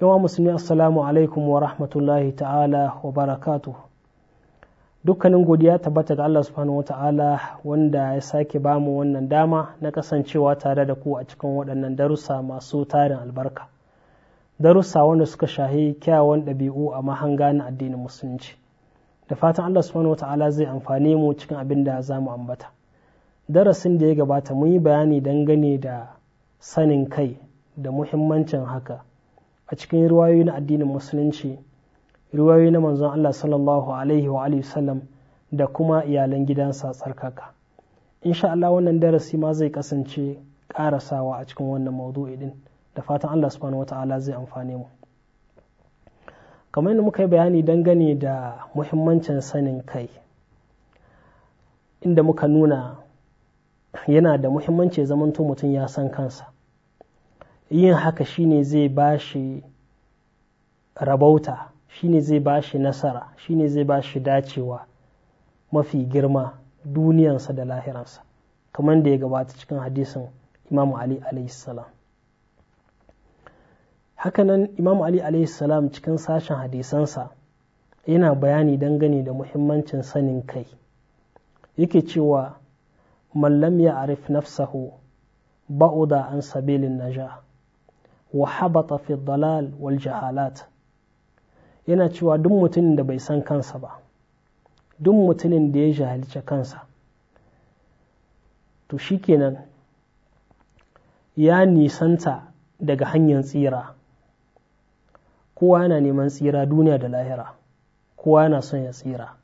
yawa musulmi assalamu alaikum wa rahmatullahi ta'ala wa barakatu dukkanin godiya tabbata ga Allah subhanahu wa ta'ala wanda ya sake bamu wannan dama na kasancewa tare da ku a cikin waɗannan darussa masu tarin albarka darussa wanda suka shahi kyawun ɗabi'u a mahanga na addinin musulunci da fatan Allah subhanahu wa ta'ala zai amfane mu cikin abin da za mu ambata darasin da ya gabata mun yi bayani dangane da sanin kai da muhimmancin haka a cikin ruwayoyi na addinin musulunci ruwayoyi na manzon Allah sallallahu alaihi wa alihi sallam da kuma iyalan gidansa tsarkaka insha Allah wannan darasi ma zai kasance karasawa a cikin wannan maudu'i din da fatan Allah subhanahu wata'ala zai amfane mu kamar yadda muka yi bayani dangane da muhimmancin sanin kai inda muka nuna yana da muhimmanci zamanto mutum ya san kansa yin haka shine zai ba shi rabauta shine zai ba shi nasara shine zai ba shi dacewa mafi girma duniyansa da lahiransa kamar da ya gabata cikin hadisin imamu ali alaihissalam hakanan imamu ali alaihissalam cikin sashen hadisansa yana bayani dangane da muhimmancin sanin kai yake cewa mallam ya arif nafsahu ba'uda an sabilin naja wa habata fi dalal wal jahalat yana cewa duk mutumin da bai san kansa ba duk mutumin da ya jahilce kansa to shikenan ya nisanta daga hanyar tsira kowa yana neman tsira duniya da lahira kowa yana son ya tsira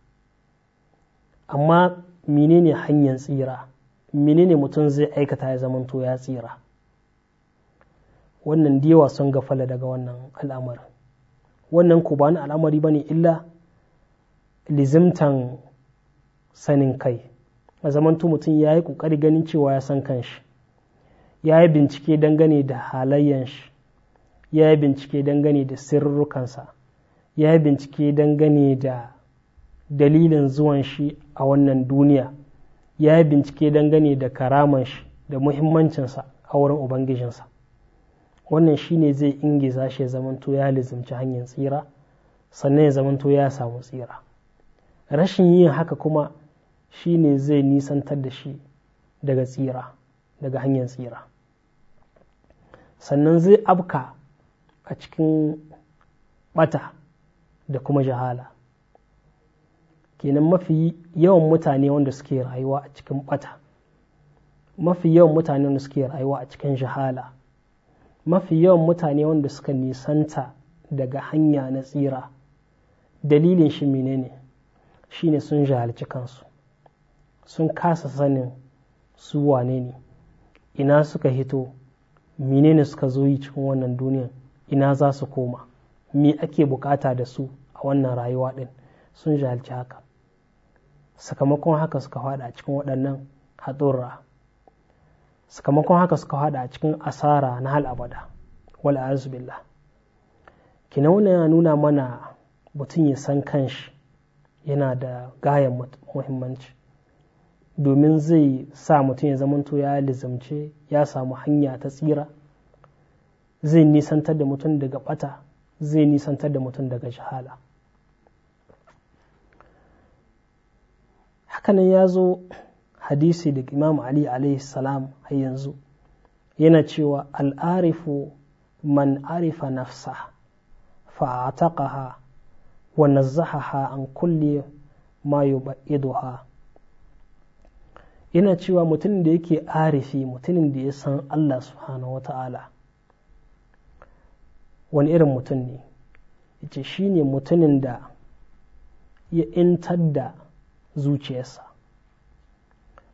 amma menene hanyar tsira menene mutum zai aikata ya zamanto ya tsira wannan da yawa sun gafala daga wannan al'amarin wannan ku ba al'amari ba ne illa lizimtan sanin kai a zamanto mutum ya yi ƙoƙari ganin cewa ya san kanshi ya yi bincike dangane da halayen shi ya yi bincike dangane da sirrukansa ya yi bincike dangane da dalilin zuwan shi a wannan duniya ya yi bincike dangane da karaman shi da muhimmancinsa a wurin ubangijinsa wannan shine zai ingiza shi ya zamanto ya lizimci hanyar tsira sannan ya zamanto ya samu tsira rashin yin haka kuma shine zai nisantar da shi daga tsira daga hanyar tsira sannan zai abka a cikin bata da kuma jahala kenan mafi yawan mutane wanda suke rayuwa a cikin bata mafi yawan mutane wanda suke rayuwa a cikin jahala mafi yawan mutane wanda suka nisanta daga hanya na tsira dalilin shi menene shine sun jahalci kansu sun kasa sanin su wane ne ina suka hito menene suka zo yi cikin wannan duniyan ina za su koma me ake bukata da su a wannan rayuwa din sun jahalci haka sakamakon haka suka fada cikin waɗannan haɗurra sakamakon haka suka hada a cikin asara na hal abada wal billah ki nuna mana mutum ya san kanshi yana da gayan muhimmanci domin zai sa mutum ya zamanto ya lizamce ya samu hanya ta tsira zai nisantar da mutum daga bata zai nisantar da mutum daga jihala. hakanan ya zo hadisi daga imam ali alaihi salam har yanzu yana cewa al'arifu man arifa nafsa fa'ataqaha wa nazzahaha an kulle ma yubaiduha yana cewa mutumin da yake arifi mutumin da ya san Allah subhanahu wata'ala wani irin mutum ne yace shine mutumin da ya intar da zuciyarsa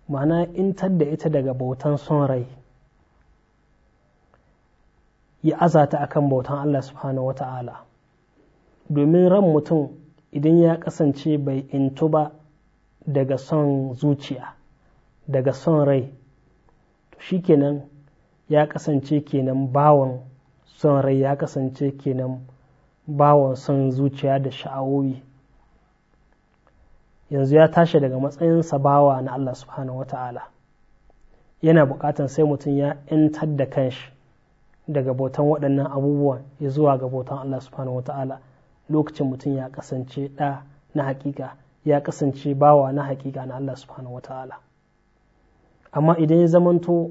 ma'ana intar da ita daga bautan son rai ya azata akan bautan Allah subhanahu wa ta'ala domin ran mutum idan ya kasance bai intu ba daga son zuciya daga son rai to shikenan ya kasance kenan bawan son rai ya kasance kenan bawan son zuciya da sha'awowi yanzu ya tashi daga matsayin sabawa na Allah subhanahu ta'ala yana bukatan sai mutum ya ‘yantar da kanshi daga bautan waɗannan abubuwan ya zuwa ga bautan Allah subhanahu ta'ala lokacin mutum ya kasance ɗa na hakika ya kasance bawa na hakika na Allah subhanahu ta'ala amma idan ya zamanto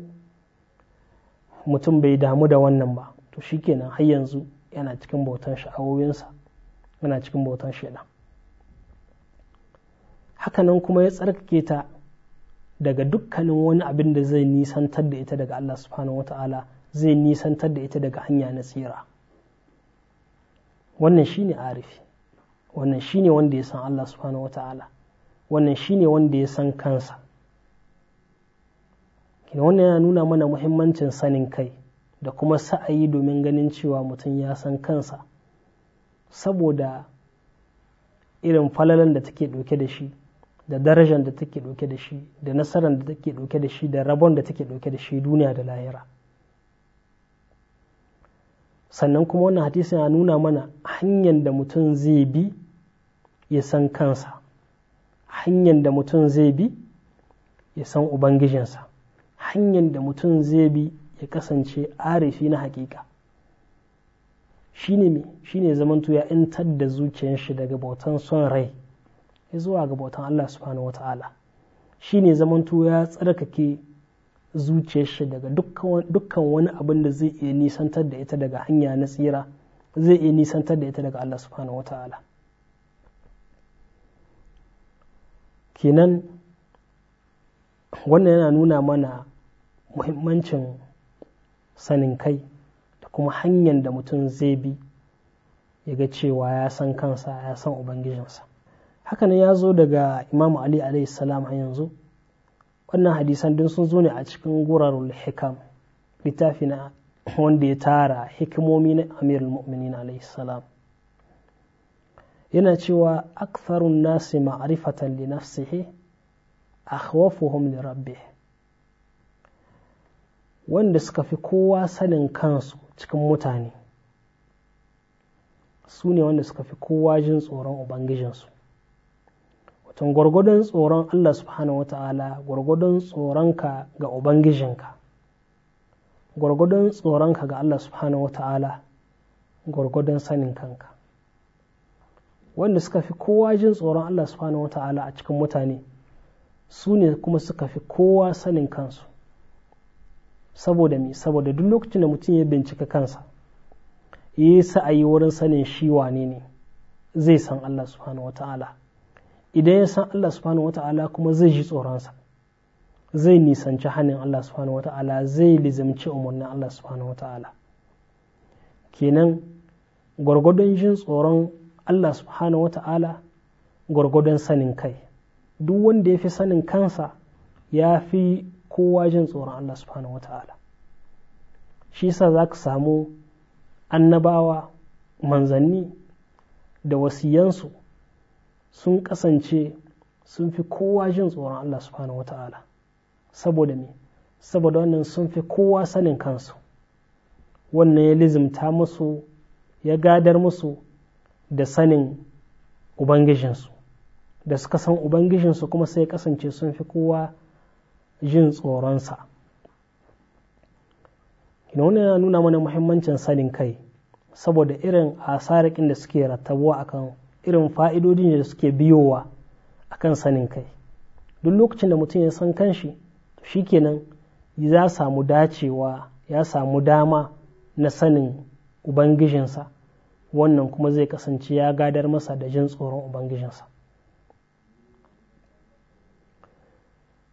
mutum bai damu da wannan ba to shikenan har yanzu yana cikin bautan sha'awoyinsa yana cikin bautan shaidan hakanan kuma ya tsarkake ta daga dukkanin wani abin da zai nisantar da ita daga Allah subhanahu wata'ala zai nisantar da ita daga hanya na tsira wannan shine arifi wannan shine wanda ya san Allah subhanahu wata'ala wannan shine wanda ya san kansa wannan yana nuna mana muhimmancin sanin kai da kuma sa'ayi domin ganin cewa mutum ya san kansa saboda irin falalan da take ɗauke da shi da darajar da take ɗauke da shi da nasarar da take ɗauke da shi da rabon da take ɗauke da shi duniya da lahira sannan kuma wannan hadisi ya nuna mana hanyar da mutum zai bi ya san kansa hanyar da mutum zai bi ya san ubangijinsa hanyar da mutum zai bi ya kasance arifi na hakika shine me shine zamanto ya tadda da zuciyar shi daga bautan son rai zuwa ga bautan Allah subhanahu shi ne zamantu ya tsarkake zuciyar shi daga dukkan wani abin da zai iya nisantar da ita daga hanya na tsira zai iya nisantar da ita daga Allah subhanahu ta’ala kenan wannan yana nuna mana muhimmancin sanin kai da kuma hanyar da mutum zai bi ya ga cewa ya san kansa ya san ubangijinsa hakanan ya zo daga imam ali alayhi salam a yanzu wannan hadisan din sun zo ne a cikin gurarul hikam littafi na wanda ya tara hikimomi na amir muminin alayhi salam yana cewa aktharun nasi ma'rifatan li nafsihi akhwafuhum li rabbih wanda suka fi kowa sanin kansu cikin mutane su ne wanda suka fi kowa jin tsoron ubangijinsu tun gwargwadon tsoron Allah subhanahu wata'ala gwargwadon tsoronka ga Ubangijinka gwargwadon tsoronka ga Allah subhanahu wata'ala gwargwadon sanin kanka wanda suka fi kowa jin tsoron Allah subhanahu wata'ala a cikin mutane su ne kuma suka fi kowa sanin kansu saboda me saboda duk lokacin da mutum ya bincika kansa yi sa'ayi wurin sanin shi wane ne zai san Allah subhanahu wata'ala idan ya san Allah subhanahu wata'ala kuma zai ji tsoronsa zai nisanci hannun Allah subhanahu wata'ala zai lizimci umarnin Allah subhanahu wata'ala kenan gwargwadon jin tsoron Allah subhanahu wata'ala gwargwadon sanin kai duk wanda ya fi sanin kansa ya fi kowa jin tsoron Allah subhanahu wata'ala shi sa za ka samu annabawa manzanni da wasiyansu sun kasance sun fi kowa jin tsoron Allah subhanahu wata'ala saboda me saboda wannan sun fi kowa sanin kansu wannan ya lizimta musu ya gadar musu da sanin ubangijinsu da suka san ubangijinsu kuma sai kasance sun fi kowa jin tsoronsa ina wani yana nuna mana muhimmancin sanin kai saboda irin asarikin da suke rattabuwa akan irin fa'idodi fa'idodin da suke biyowa akan sanin kai duk lokacin da mutum ya san kanshi shi kenan ya samu dacewa ya samu dama na sanin ubangijinsa wannan kuma zai kasance ya gadar masa da jin tsoron ubangijinsa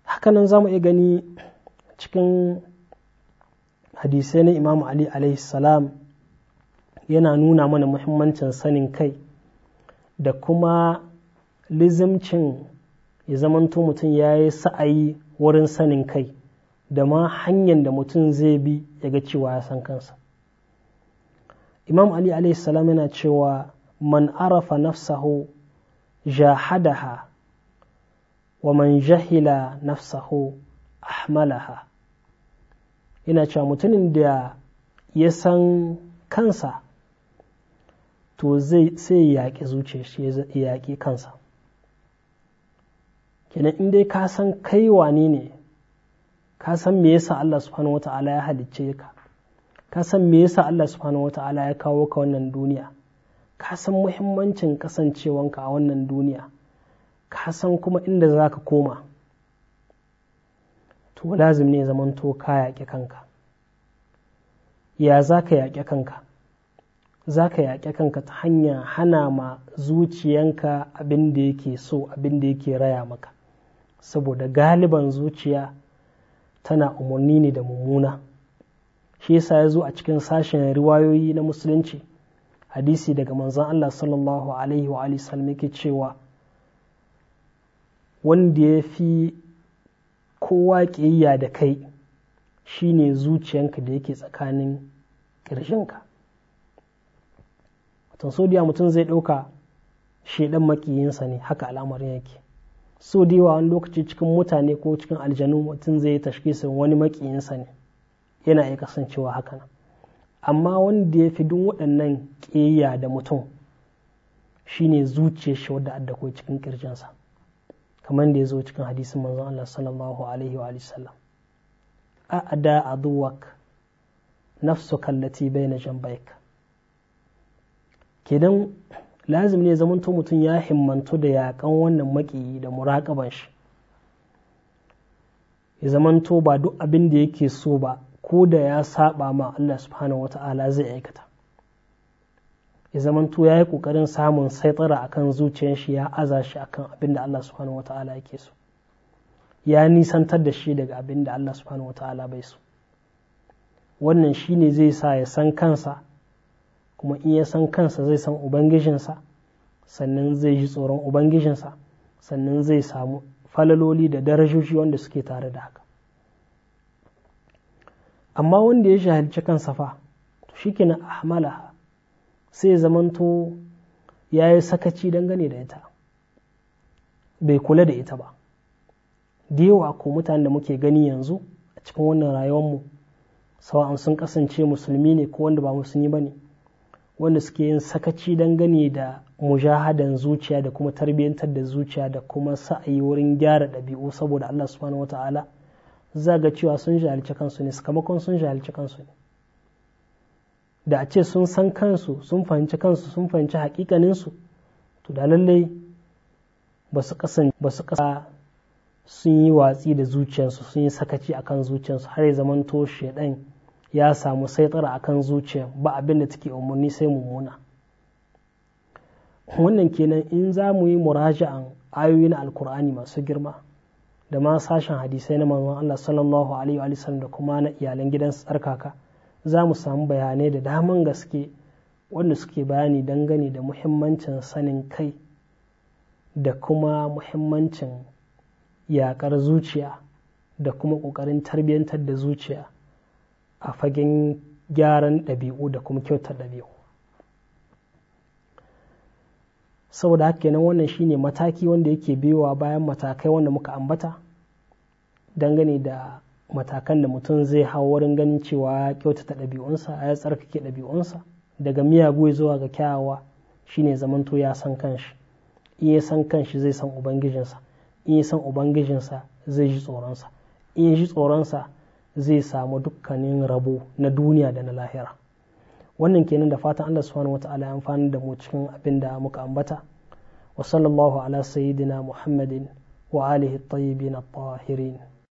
hakanan za mu iya gani cikin hadisai na imam ali salam yana nuna mana muhimmancin sanin kai da kuma lizimcin ya zamanto mutum ya yi sa'ayi wurin sanin kai da ma hanyar da mutum zai bi ya ga cewa ya san kansa imam ali salam yana cewa man arafa nafsahu jahadaha wa man jahila nafsahu ahmalaha yana cewa mutumin da ya san kansa to sai ya yaƙi zuciyar shi ya yaƙi kansa kenan in dai ka san kai wane ne ka san me yasa Allah subhanahu wata'ala ya halicce ka ka san me yasa Allah subhanahu wata'ala ya kawo ka wannan duniya ka san muhimmancin kasancewanka a wannan duniya ka san kuma inda za ka koma to lazim ne zamanto ka yaƙi kanka ya za ka yaƙi kanka za ka yaƙe kanka ta hanya hana ma zuciyanka abin da yake so abin da yake raya maka saboda galiban zuciya tana umarni ne da mummuna shi yasa ya zo a cikin sashen riwayoyi na musulunci hadisi daga manzon Allah sallallahu alaihi wa sallam yake cewa wanda ya fi kowa kiyayya da kai shine zuciyanka da yake tsakanin ƙirshinka to so mutum zai ɗauka shaidan makiyinsa ne haka al'amarin yake so da wani lokaci cikin mutane ko cikin aljanu mutum zai tashkisin wani makiyinsa ne yana iya kasancewa haka amma wanda ya fi duk waɗannan ƙeya da mutum shine zuciyar shi wadda addakwai cikin kirjinsa kamar da ya zo cikin hadisin manzon Allah sallallahu alaihi wa sallam a ada aduwak nafsuka allati bayna jambayka kidan lazim ne zamanto mutum ya himmantu da yaƙan wannan maƙiyi da muraƙaban shi ya zamanto ba duk abin da yake so ba ko da ya saba ma Allah subhanahu wata'ala zai aikata ya zamanto ya yi ƙoƙarin samun saitara akan zuciyar shi ya aza shi akan abin da Allah subhanahu wata'ala yake so ya nisantar da shi daga abin da Allah subhanahu wata'ala bai so wannan shi ne zai sa ya san kansa kuma in ya san kansa zai san ubangijinsa sannan zai ji tsoron ubangijinsa sannan zai samu falaloli da darajoji wanda suke tare da haka amma wanda ya shahalci kansa fa to shikenan ahmalaha sai zamanto ya yi sakaci dangane da ita bai kula da ita ba da yawa ko mutanen da muke gani yanzu a cikin wannan rayuwar mu sawa'an sun kasance musulmi ne ko wanda ba musulmi ba ne wanda suke yin sakaci dangane da mujahadan zuciya da kuma tarbiyyantar da zuciya da kuma sa'ayi wurin gyara ɗabi'u saboda Allah subhanahu Ta'ala) za ga cewa sun shahalci kansu ne sakamakon sun shahalci kansu ne da a ce sun san kansu sun fahimci kansu sun fahimci hakikaninsu to da lallai ba su kasa sun yi watsi da zuciyarsu sun yi sakaci akan zuciyarsu har ya zamanto shaidan ya samu a kan zuciya ba abin da take umarni sai mummuna wannan kenan in za mu yi muraja'an ayoyi na alkur'ani masu girma da ma sashen hadisai na manzon Allah sallallahu alaihi wa sallam da kuma na iyalan gidan tsarkaka za mu samu bayanai da daman gaske wanda suke bayani dangane da muhimmancin sanin kai da kuma muhimmancin yakar zuciya da kuma ƙoƙarin tarbiyyantar da zuciya a fagen gyaran ɗabi'u da kuma kyautar ɗabi'u saboda haka kenan wannan shine mataki wanda yake biyowa bayan matakai wanda muka ambata dangane da matakan da mutum zai hau wurin ganin cewa kyautata ɗabi'unsa a ya tsarkake ɗabi'unsa daga miyagu zuwa ga kyawawa shine zamanto ya san kanshi in ya san kanshi zai san ubangijinsa in ya san ubangijinsa zai ji tsoronsa in ya ji tsoronsa zai samu dukkanin rabo na duniya da na lahira wannan kenan da fatan Allah subhanahu wata'ala ya amfani da mu cikin abin da muka ambata wa sallallahu ala sayyidina muhammadin wa alihi at-tayyibin at-tahirin